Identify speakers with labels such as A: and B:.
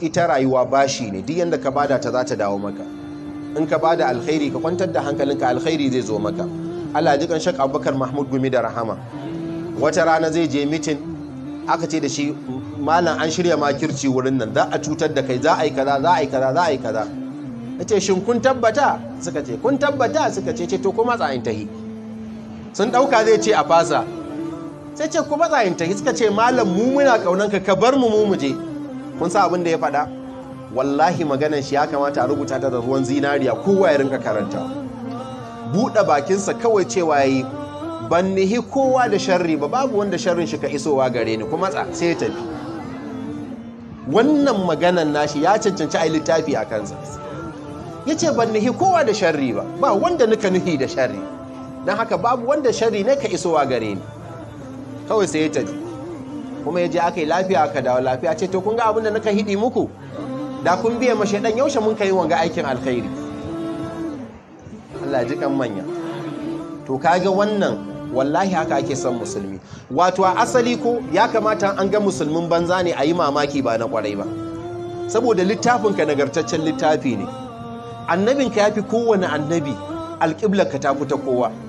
A: ita rayuwa bashi ne duk yanda ka bada ta za ta dawo maka in ka bada alkhairi ka kwantar da hankalinka alkhairi zai zo maka Allah ji kan shak Abubakar Mahmud Gumi da Rahama wata rana zai je mitin aka ce da shi malam an shirya makirci wurin nan za a cutar da kai za a yi kaza za a yi kaza za a yi kaza yace shin kun tabbata suka ce kun tabbata suka ce ce to kuma tsayin tahi sun dauka zai ce a fasa sai ce kuma tsayin tahi suka ce malam mu muna kaunanka ka bar mu mu je kun sa abin da ya faɗa wallahi maganar shi ya kamata a rubuta ta da ruwan zinariya kowa ya rinka karanta buɗe bakinsa kawai cewa yi ban nihi kowa da sharri ba babu wanda sharrin shi ka isowa gare ni kuma tsa sai ya tafi wannan maganan nashi ya cancanci a littafi a kansa ya ce ban nihi kowa da sharri ba ba wanda nika nuhi da sharri don haka babu wanda sharri ne ka isowa gare ni kawai sai ya tafi kuma ya je aka yi lafiya aka dawo lafiya ce to kun ga abin da naka hidi muku da kun biya ma shaidan yaushe mun kai wanga aikin alkhairi Allah ji kan manya to kage wannan wallahi haka ake son musulmi wato a asali ko ya kamata an ga musulmin banza ne a yi mamaki ba na kwarai ba saboda littafin ka nagartaccen littafi ne annabinka ya fi kowane annabi ka ta fita kowa